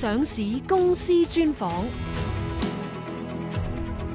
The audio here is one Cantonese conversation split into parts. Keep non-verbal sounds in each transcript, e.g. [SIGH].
上市公司專訪，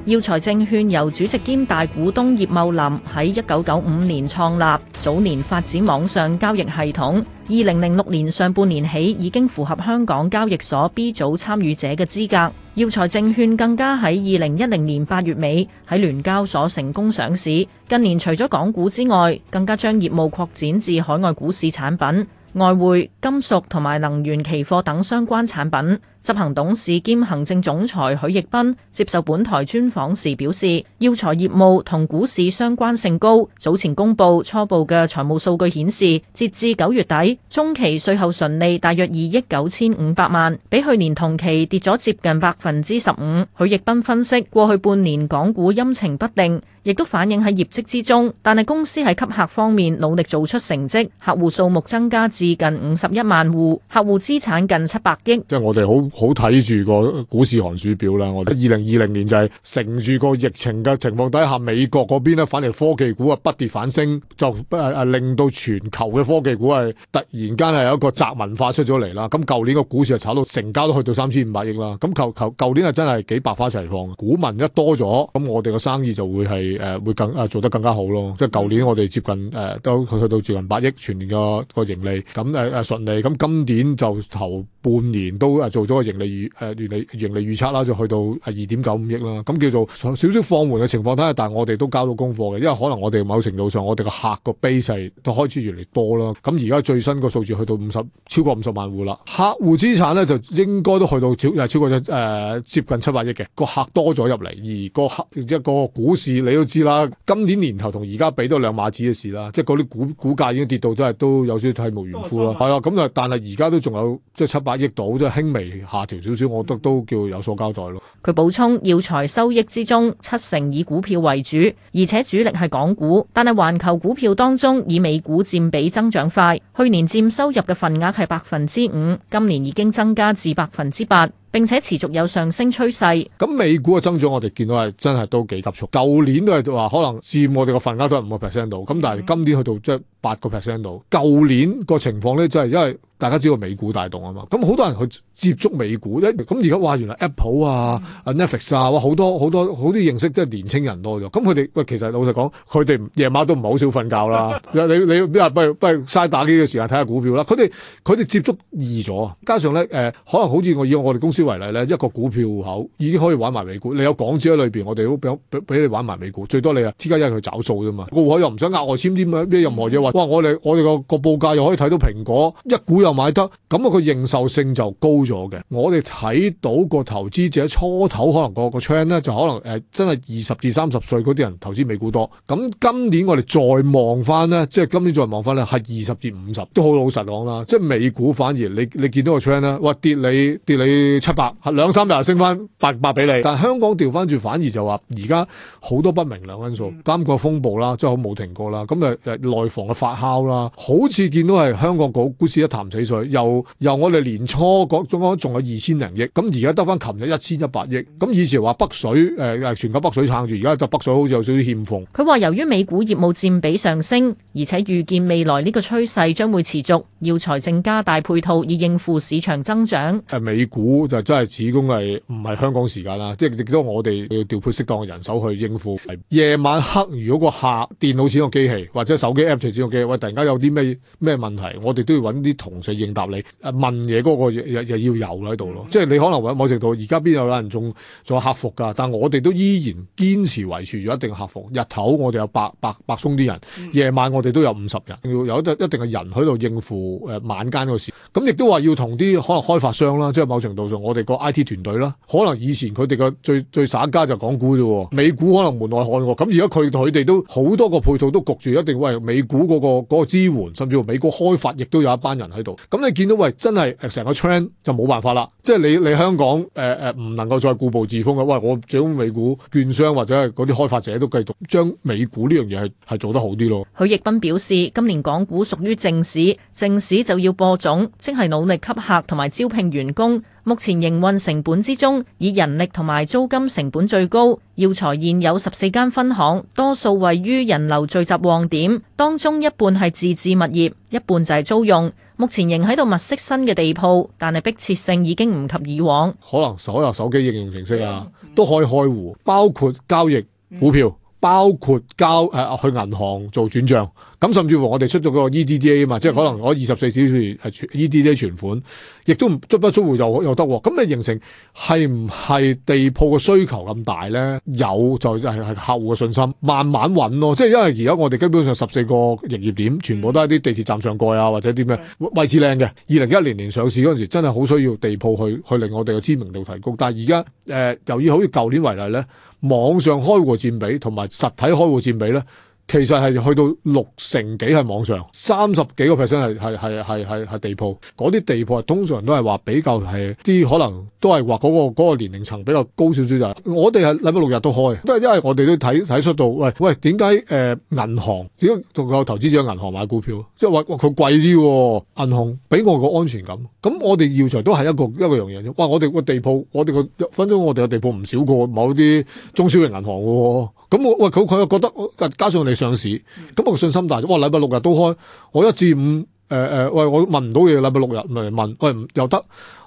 耀才證券由主席兼大股東葉茂林喺一九九五年創立，早年發展網上交易系統。二零零六年上半年起已經符合香港交易所 B 組參與者嘅資格。耀才證券更加喺二零一零年八月尾喺聯交所成功上市。近年除咗港股之外，更加將業務擴展至海外股市產品。外匯、金屬同埋能源期貨等相關產品，執行董事兼行政總裁許繹彬接受本台專訪時表示，耀才業務同股市相關性高。早前公布初步嘅財務數據顯示，截至九月底中期稅後純利大約二億九千五百萬，比去年同期跌咗接近百分之十五。許繹彬分析，過去半年港股陰晴不定。亦都反映喺業績之中，但係公司喺吸客方面努力做出成績，客戶數目增加至近五十一萬戶，客戶資產近七百億。即係我哋好好睇住個股市寒暑表啦。我哋二零二零年就係乘住個疫情嘅情況底下，美國嗰邊呢，反而科技股啊不跌反升，就誒令到全球嘅科技股係突然間係有一個宅文化出咗嚟啦。咁舊年個股市就炒到成交都去到三千五百億啦。咁舊舊舊年係真係幾百花齊放，股民一多咗，咁我哋個生意就會係。誒， [MUSIC] 會更啊做得更加好咯，即係舊年我哋接近誒、呃、都去去到接近八億全年嘅個盈利，咁誒誒順利，咁今年就頭半年都誒做咗個盈利預誒、呃、盈利盈利預測啦，就去到係二點九五億啦，咁叫做少少放緩嘅情況底下，但係我哋都交到功課嘅，因為可能我哋某程度上我哋個客個 base 都開始越嚟多啦，咁而家最新個數字去到五十超過五十萬戶啦，客戶資產咧就應該都去到超又超過一誒、呃、接近七百億嘅，個客多咗入嚟，而個客一個股市你都。你都知啦，今年年頭同而家比都兩碼子嘅事啦，即係嗰啲股股價已經跌到真係都有少少體無完膚啦。係啦、哦，咁啊，但係而家都仲有即係七八億到，即係輕微下調少少，我覺得都叫有所交代咯。佢補充，耀才收益之中七成以股票為主，而且主力係港股，但係環球股票當中以美股佔比增長快，去年佔收入嘅份額係百分之五，今年已經增加至百分之八。並且持續有上升趨勢。咁美股嘅增長，我哋見到係真係都幾急促。舊年都係話可能佔我哋個份額都係五個 percent 度。咁但係今年去到，即八個 percent 度，舊年個情況咧，就係因為大家知道美股帶動啊嘛，咁好多人去接觸美股，咁而家哇，原來 Apple 啊、Netflix 啊，好多好多好啲認識，即係年青人多咗。咁佢哋喂，其實老實講，佢哋夜晚都唔係好少瞓覺啦。 [LAUGHS] 你你不如不如嘥打機嘅時間睇下股票啦。佢哋佢哋接觸易咗，加上咧誒，可能好似我以我哋公司為例咧，一個股票戶口已經可以玩埋美股。你有港紙喺裏邊，我哋都俾俾你玩埋美股，最多你啊，依家一日去找數啫嘛。個戶口又唔想額外簽啲咩任何嘢或。我哋我哋個個報價又可以睇到蘋果一股又買得，咁啊佢認受性就高咗嘅。我哋睇到個投資者初頭可能個個 trend 咧，就可能誒、呃、真係二十至三十歲嗰啲人投資美股多。咁今年我哋再望翻咧，即係今年再望翻咧，係二十至五十都好老實講啦。即係美股反而你你見到個 trend 咧，哇、呃、跌你跌你七百，係兩三日升翻八百俾你。但係香港調翻轉反而就話而家好多不明朗因素，監管風暴啦，即係好冇停過啦。咁誒誒內房嘅發酵啦，好似見到係香港股股市一潭死水，由由我哋年初嗰總方仲有二千零億，咁而家得返琴日一千一百億。咁以前話北水誒、呃，全球北水撐住，而家得北水好似有少少欠奉。佢話由於美股業務占比上升，而且預見未來呢個趨勢將會持續，要財政加大配套以應付市場增長。誒，美股就真係始終係唔係香港時間啦，即係亦都我哋要調配適當嘅人手去應付。夜晚黑如果個客電腦使用機器或者手機 app 嘅喂，突然間有啲咩咩問題，我哋都要揾啲同事應答你。問嘢嗰個又又要有喺度咯，即係你可能揾某程度，而家邊有有人仲做客服噶，但係我哋都依然堅持維持住一定客服。日頭我哋有百百百鬆啲人，夜晚我哋都有五十人，要有一定一定嘅人喺度應付誒、呃、晚間個事。咁亦都話要同啲可能開發商啦，即係某程度上，我哋個 I T 團隊啦，可能以前佢哋嘅最最散家就港股啫，美股可能門外漢喎。咁而家佢佢哋都好多個配套都焗住一定為美股。嗰個支援，甚至乎美國開發，亦都有一班人喺度。咁你見到喂，真係誒成個 trend 就冇辦法啦。即係你你香港誒誒唔能夠再固步自封嘅。喂，我整美股券商或者係嗰啲開發者都繼續將美股呢樣嘢係係做得好啲咯。許繹彬表示，今年港股屬於正市，正市就要播種，即係努力吸客同埋招聘員工。目前營運成本之中，以人力同埋租金成本最高。耀才現有十四間分行，多數位於人流聚集旺點，當中一半係自置物業，一半就係租用。目前仍喺度物色新嘅地鋪，但係迫切性已經唔及以往。可能所有手機應用程式啊，都可以開戶，包括交易、股票。包括交誒、呃、去銀行做轉帳，咁甚至乎我哋出咗個 EDDA 啊嘛，嗯、即係可能我二十四小時係、呃、EDDA 存款，亦都唔足不出戶又又得喎、哦。咁你形成係唔係地鋪嘅需求咁大咧？有就係係客戶嘅信心，慢慢揾咯。即係因為而家我哋基本上十四個營業點，全部都係啲地鐵站上蓋啊，或者啲咩位置靚嘅。二零一一年年上市嗰陣時，真係好需要地鋪去去令我哋嘅知名度提高。但係而家誒，由於好似舊年為例咧。網上開戶佔比同埋實體開戶佔比咧。其實係去到六成幾係網上，三十幾個 percent 係係係係係係地鋪。嗰啲地鋪通常都係話比較係啲，可能都係話嗰個嗰、嗰個年齡層比較高少少就係、係。我哋係禮拜六日都開，都係因為我哋都睇睇出到，喂喂點解誒銀行點解夠投資者銀行買股票？即係話佢貴啲喎，銀行俾我個安全感。咁、嗯、我哋耀才都係一個一個樣嘢啫。哇！我哋個地鋪，我哋個分分鐘我哋個地鋪唔少過某啲中小型銀行嘅。咁、嗯、我喂佢佢又覺得加上你。上市咁我信心大咗，哇！禮拜六日都開，我一至五誒誒、呃，喂，我問唔到嘢，禮拜六日嚟問，喂，又得，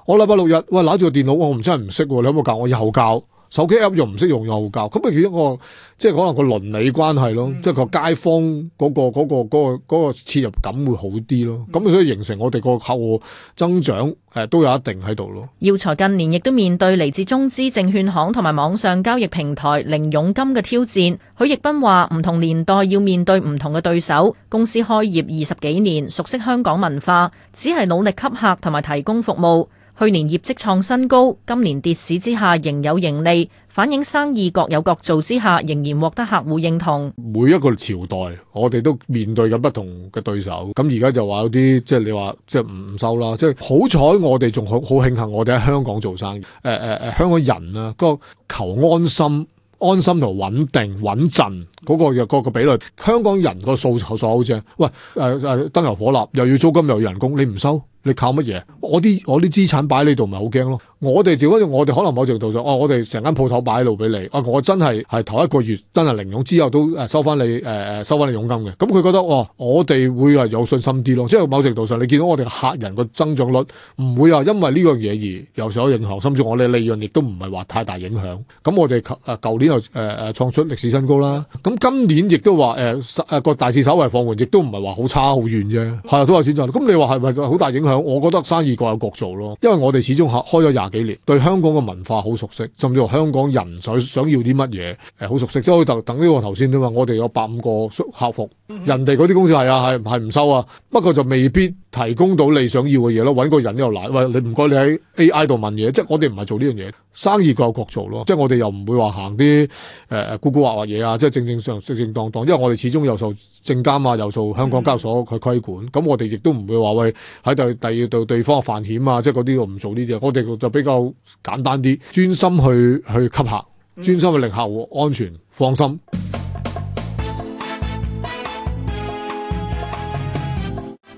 我禮拜六日，喂，攞住個電腦，我唔真係唔識喎，你有冇教我以後教？手機 App 又用唔識用又教，咁咪其一個即係可能個倫理關係咯，嗯、即係個街坊嗰、嗰個嗰、嗰個切、嗰個嗰個、入感會好啲咯。咁所以形成我哋個客戶增長誒、呃、都有一定喺度咯。耀才近年亦都面對嚟自中資證券行同埋網上交易平台零佣金嘅挑戰。許繹彬話唔同年代要面對唔同嘅對手，公司開業二十幾年，熟悉香港文化，只係努力吸客同埋提供服務。去年業績創新高，今年跌市之下仍有盈利，反映生意各有各做之下，仍然獲得客戶認同。每一個朝代，我哋都面對緊不同嘅對手。咁而家就話有啲即係你話即係唔唔收啦。即係好彩，我哋仲好好慶幸，我哋喺香港做生意。誒誒誒，香港人啊，嗰個求安心、安心同穩定、穩陣嗰個嘅個、嗰個比率，香港人個數就好似：「喂誒誒，呃，燈油火蠟又要租金又要人工，你唔收？你靠乜嘢？我啲我啲資產擺喺度，咪好驚咯。我哋就嗰我哋可能某程度上，哦，我哋成間鋪頭擺喺度俾你。啊、哦，我真係係頭一個月真係零佣之後都誒收翻你誒誒、呃、收翻你佣金嘅。咁、嗯、佢覺得，哦，我哋會誒有信心啲咯。即係某程度上，你見到我哋客人個增長率唔會啊，因為呢樣嘢而有所影響，甚至我哋利潤亦都唔係話太大影響。咁、嗯、我哋誒舊年又誒誒創出歷史新高啦。咁、嗯、今年亦都話誒誒個大市稍為放緩，亦都唔係話好差好遠啫。係都有錢賺。咁你話係咪好大影響？我覺得生意各有各做咯，因為我哋始終開咗廿幾年，對香港嘅文化好熟悉，甚至乎香港人想想要啲乜嘢誒，好、呃、熟悉。即係可以等等呢個頭先啫嘛，我哋有百五個客服，人哋嗰啲公司係啊係係唔收啊，不過就未必提供到你想要嘅嘢咯。揾個人又難，喂，你唔該你喺 AI 度問嘢，即係我哋唔係做呢樣嘢，生意各有各做咯。即係我哋又唔會話行啲誒古古惑惑嘢啊，即係正正常正正當當。因為我哋始終又受證監啊，又受香港交所去規管，咁、嗯、我哋亦都唔會話喂喺度。第二到對，對方犯險啊，即係嗰啲我唔做呢啲，我哋就比較簡單啲，專心去去吸客，專心去令客戶安全放心。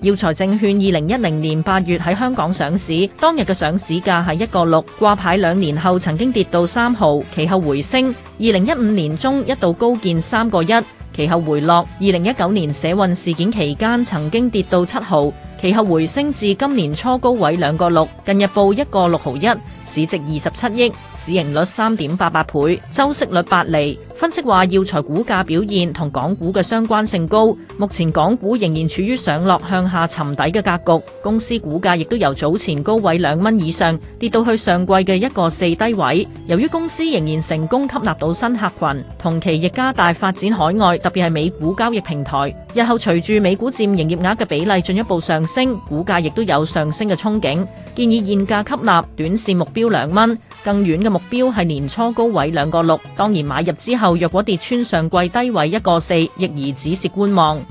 耀才證券二零一零年八月喺香港上市，當日嘅上市價係一個六，掛牌兩年後曾經跌到三號，其後回升，二零一五年中一度高見三個一。其後回落，二零一九年社運事件期間曾經跌到七毫，其後回升至今年初高位兩個六，近日報一個六毫一，市值二十七億，市盈率三點八八倍，周息率八厘。分析話，耀才股價表現同港股嘅相關性高，目前港股仍然處於上落向下沉底嘅格局，公司股價亦都由早前高位兩蚊以上跌到去上季嘅一個四低位。由於公司仍然成功吸納到新客群，同期亦加大發展海外，特別係美股交易平台。日後隨住美股佔營業額嘅比例進一步上升，股價亦都有上升嘅憧憬。建議現價吸納，短線目標兩蚊。更遠嘅目標係年初高位兩個六，當然買入之後，若果跌穿上季低位一個四，亦宜止蝕觀望。